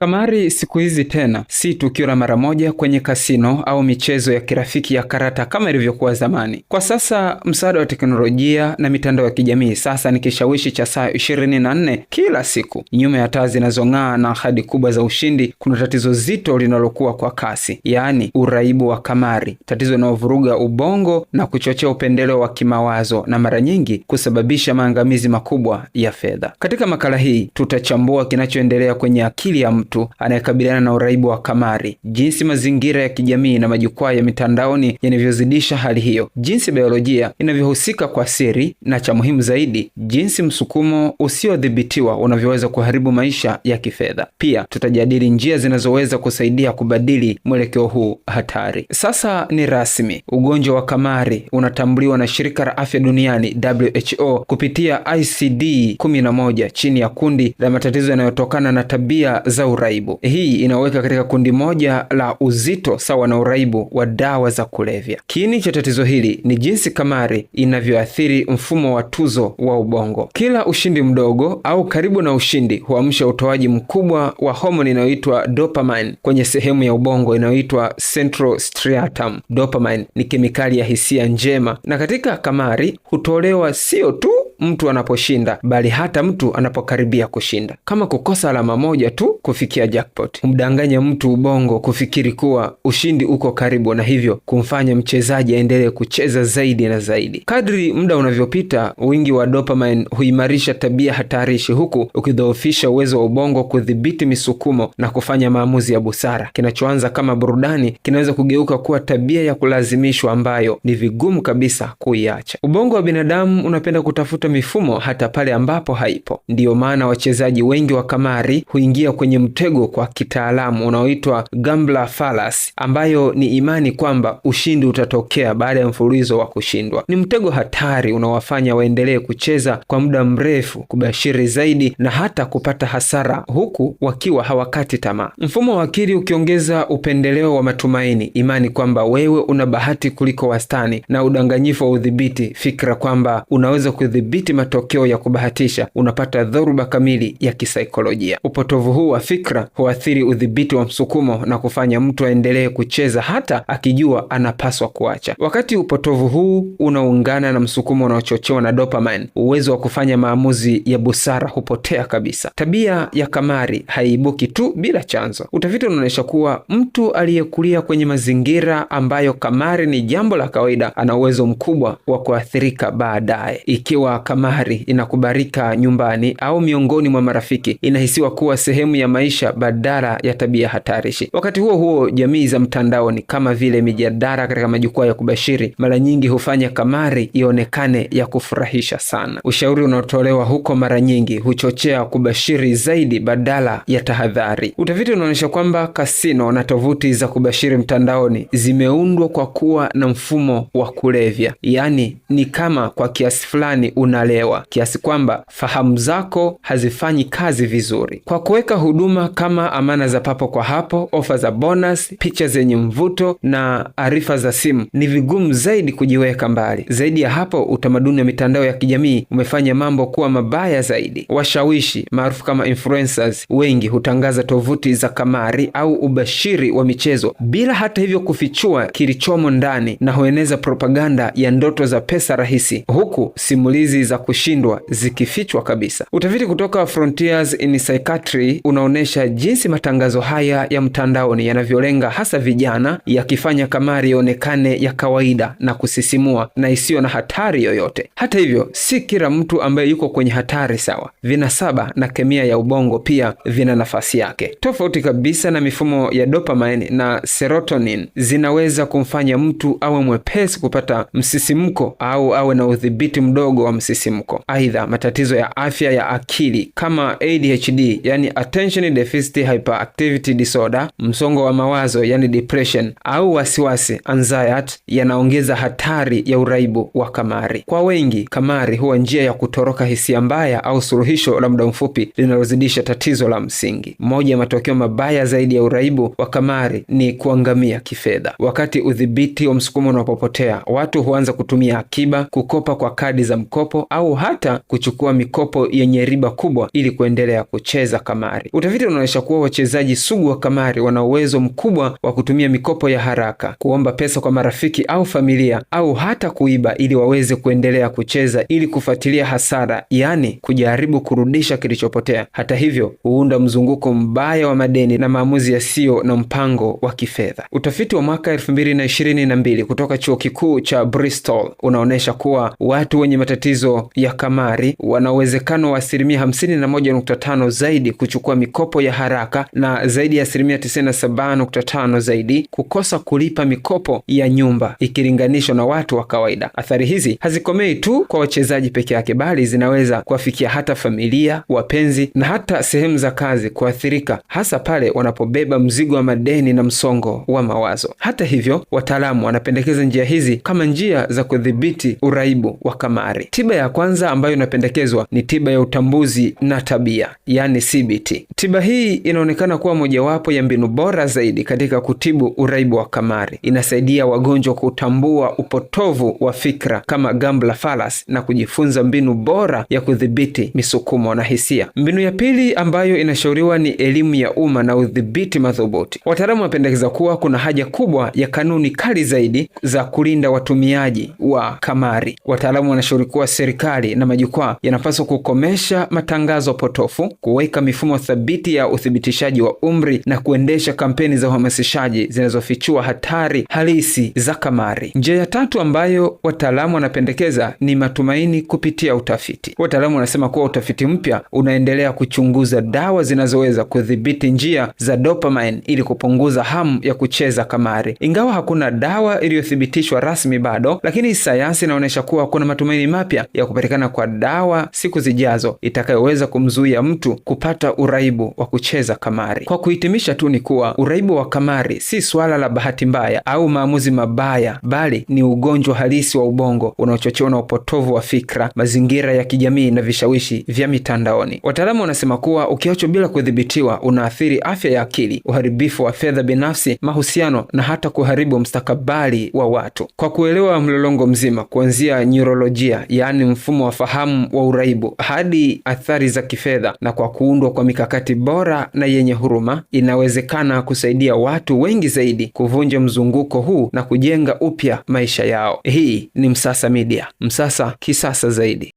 Kamari siku hizi tena si tukio la mara moja kwenye kasino au michezo ya kirafiki ya karata kama ilivyokuwa zamani. Kwa sasa msaada wa teknolojia na mitandao ya kijamii sasa ni kishawishi cha saa 24 kila siku. Nyuma ya taa zinazong'aa na ahadi kubwa za ushindi, kuna tatizo zito linalokuwa kwa kasi, yaani uraibu wa kamari, tatizo linalovuruga ubongo na kuchochea upendeleo wa kimawazo na mara nyingi kusababisha maangamizi makubwa ya fedha. Katika makala hii tutachambua kinachoendelea kwenye akili ya mtu anayekabiliana na uraibu wa kamari, jinsi mazingira ya kijamii na majukwaa ya mitandaoni yanavyozidisha hali hiyo, jinsi biolojia inavyohusika kwa siri, na cha muhimu zaidi, jinsi msukumo usiodhibitiwa unavyoweza kuharibu maisha ya kifedha. Pia tutajadili njia zinazoweza kusaidia kubadili mwelekeo huu hatari. Sasa ni rasmi, ugonjwa wa kamari unatambuliwa na Shirika la Afya Duniani WHO kupitia ICD 11 chini ya kundi la matatizo yanayotokana na tabia za uraibu. Hii inaweka katika kundi moja la uzito sawa na uraibu wa dawa za kulevya. Kiini cha tatizo hili ni jinsi kamari inavyoathiri mfumo wa tuzo wa ubongo. Kila ushindi mdogo au karibu na ushindi huamsha utoaji mkubwa wa homoni inayoitwa dopamine kwenye sehemu ya ubongo inayoitwa central striatum. Dopamine ni kemikali ya hisia njema, na katika kamari hutolewa sio tu mtu anaposhinda, bali hata mtu anapokaribia kushinda. Kama kukosa alama moja tu kufikia jackpot, humdanganya mtu ubongo kufikiri kuwa ushindi uko karibu, na hivyo kumfanya mchezaji aendelee kucheza zaidi na zaidi. Kadri muda unavyopita, wingi wa dopamine huimarisha tabia hatarishi, huku ukidhoofisha uwezo wa ubongo kudhibiti misukumo na kufanya maamuzi ya busara. Kinachoanza kama burudani kinaweza kugeuka kuwa tabia ya kulazimishwa ambayo ni vigumu kabisa kuiacha. Ubongo wa binadamu unapenda kutafuta kufuatwa mifumo hata pale ambapo haipo. Ndiyo maana wachezaji wengi wa kamari huingia kwenye mtego kwa kitaalamu unaoitwa gambler fallacy, ambayo ni imani kwamba ushindi utatokea baada ya mfululizo wa kushindwa. Ni mtego hatari unaowafanya waendelee kucheza kwa muda mrefu, kubashiri zaidi na hata kupata hasara, huku wakiwa hawakati tamaa. Mfumo wa akili ukiongeza upendeleo wa matumaini, imani kwamba wewe una bahati kuliko wastani, na udanganyifu wa udhibiti, fikra kwamba unaweza kudhibiti kudhibiti matokeo ya kubahatisha, unapata dhoruba kamili ya kisaikolojia. Upotovu huu wa fikra huathiri udhibiti wa msukumo na kufanya mtu aendelee kucheza hata akijua anapaswa kuacha. Wakati upotovu huu unaungana na msukumo unaochochewa na dopamine, uwezo wa kufanya maamuzi ya busara hupotea kabisa. Tabia ya kamari haiibuki tu bila chanzo. Utafiti unaonyesha kuwa mtu aliyekulia kwenye mazingira ambayo kamari ni jambo la kawaida ana uwezo mkubwa wa kuathirika baadaye ikiwa kamari inakubarika nyumbani au miongoni mwa marafiki inahisiwa kuwa sehemu ya maisha badala ya tabia hatarishi. Wakati huo huo, jamii za mtandaoni kama vile mijadara katika majukwaa ya kubashiri mara nyingi hufanya kamari ionekane ya kufurahisha sana. Ushauri unaotolewa huko mara nyingi huchochea kubashiri zaidi badala ya tahadhari. Utafiti unaonyesha kwamba kasino na tovuti za kubashiri mtandaoni zimeundwa kwa kuwa na mfumo wa kulevya, yaani ni kama kwa kiasi fulani una unalewa kiasi kwamba fahamu zako hazifanyi kazi vizuri. Kwa kuweka huduma kama amana za papo kwa hapo, ofa za bonus, picha zenye mvuto na arifa za simu, ni vigumu zaidi kujiweka mbali. Zaidi ya hapo, utamaduni wa mitandao ya kijamii umefanya mambo kuwa mabaya zaidi. Washawishi maarufu kama influencers wengi hutangaza tovuti za kamari au ubashiri wa michezo bila hata hivyo kufichua kilichomo ndani, na hueneza propaganda ya ndoto za pesa rahisi, huku simulizi za kushindwa zikifichwa kabisa. Utafiti kutoka Frontiers in Psychiatry unaonyesha jinsi matangazo haya ya mtandaoni yanavyolenga hasa vijana, yakifanya kamari yaonekane ya kawaida na kusisimua na isiyo na hatari yoyote. Hata hivyo, si kila mtu ambaye yuko kwenye hatari sawa. Vinasaba na kemia ya ubongo pia vina nafasi yake, tofauti kabisa na mifumo ya dopamine na serotonin, zinaweza kumfanya mtu awe mwepesi kupata msisimko au awe na udhibiti mdogo wa msisimko. Aidha, matatizo ya afya ya akili kama ADHD, yani attention deficit hyperactivity disorder, msongo wa mawazo yani depression, au wasiwasi anxiety, yanaongeza hatari ya uraibu wa kamari. Kwa wengi, kamari huwa njia ya kutoroka hisia mbaya au suluhisho la muda mfupi linalozidisha tatizo la msingi. Moja ya matokeo mabaya zaidi ya uraibu wa kamari ni kuangamia kifedha. Wakati udhibiti wa msukumo unapopotea, watu huanza kutumia akiba, kukopa kwa kadi za mkopo mikopo au hata kuchukua mikopo yenye riba kubwa ili kuendelea kucheza kamari. Utafiti unaonyesha kuwa wachezaji sugu wa kamari wana uwezo mkubwa wa kutumia mikopo ya haraka, kuomba pesa kwa marafiki au familia, au hata kuiba ili waweze kuendelea kucheza ili kufuatilia hasara, yaani kujaribu kurudisha kilichopotea. Hata hivyo, huunda mzunguko mbaya wa madeni na maamuzi yasiyo na mpango wa kifedha. Utafiti wa mwaka 2022 kutoka chuo kikuu cha Bristol unaonyesha kuwa watu wenye matatizo mauzo ya kamari wana uwezekano wa asilimia 51.5 zaidi kuchukua mikopo ya haraka na zaidi ya asilimia 97.5 zaidi kukosa kulipa mikopo ya nyumba ikilinganishwa na watu wa kawaida. Athari hizi hazikomei tu kwa wachezaji peke yake, bali zinaweza kuwafikia hata familia, wapenzi na hata sehemu za kazi kuathirika, hasa pale wanapobeba mzigo wa madeni na msongo wa mawazo. Hata hivyo, wataalamu wanapendekeza njia hizi kama njia za kudhibiti uraibu wa kamari. Tiba ya kwanza ambayo inapendekezwa ni tiba ya utambuzi na tabia, yani CBT. Tiba hii inaonekana kuwa mojawapo ya mbinu bora zaidi katika kutibu uraibu wa kamari. Inasaidia wagonjwa kutambua upotovu wa fikra kama gambla falas na kujifunza mbinu bora ya kudhibiti misukumo na hisia. Mbinu ya pili ambayo inashauriwa ni elimu ya umma na udhibiti madhubuti. Wataalamu wanapendekeza kuwa kuna haja kubwa ya kanuni kali zaidi za kulinda watumiaji wa kamari. Wataalamu wanashauri kuwa serikali na majukwaa yanapaswa kukomesha matangazo potofu, kuweka mifumo thabiti ya uthibitishaji wa umri na kuendesha kampeni za uhamasishaji zinazofichua hatari halisi za kamari. Njia ya tatu ambayo wataalamu wanapendekeza ni matumaini kupitia utafiti. Wataalamu wanasema kuwa utafiti mpya unaendelea kuchunguza dawa zinazoweza kudhibiti njia za dopamine ili kupunguza hamu ya kucheza kamari. Ingawa hakuna dawa iliyothibitishwa rasmi bado, lakini sayansi inaonyesha kuwa kuna matumaini mapya ya kupatikana kwa dawa siku zijazo itakayoweza kumzuia mtu kupata uraibu wa kucheza kamari. Kwa kuhitimisha tu ni kuwa uraibu wa kamari si suala la bahati mbaya au maamuzi mabaya, bali ni ugonjwa halisi wa ubongo unaochochewa na upotovu wa fikra, mazingira ya kijamii na vishawishi vya mitandaoni. Wataalamu wanasema kuwa ukiachwa bila kudhibitiwa, unaathiri afya ya akili, uharibifu wa fedha binafsi, mahusiano na hata kuharibu mstakabali wa watu. Kwa kuelewa mlolongo mzima kuanzia neurolojia, yani mfumo wa fahamu wa uraibu hadi athari za kifedha, na kwa kuundwa kwa mikakati bora na yenye huruma, inawezekana kusaidia watu wengi zaidi kuvunja mzunguko huu na kujenga upya maisha yao. Hii ni Msasa Media, Msasa kisasa zaidi.